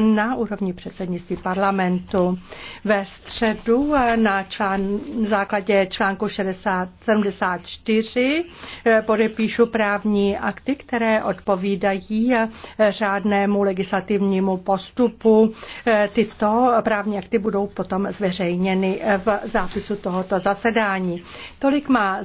na úrovni předsednictví parlamentu. Ve středu eh, na člán, základě článku 60, 74 eh, podepíšu právní akty, které odpovídají eh, řádnému legislativnímu postupu. Tyto právní akty budou potom zveřejněny v zápisu tohoto zasedání. Tolik má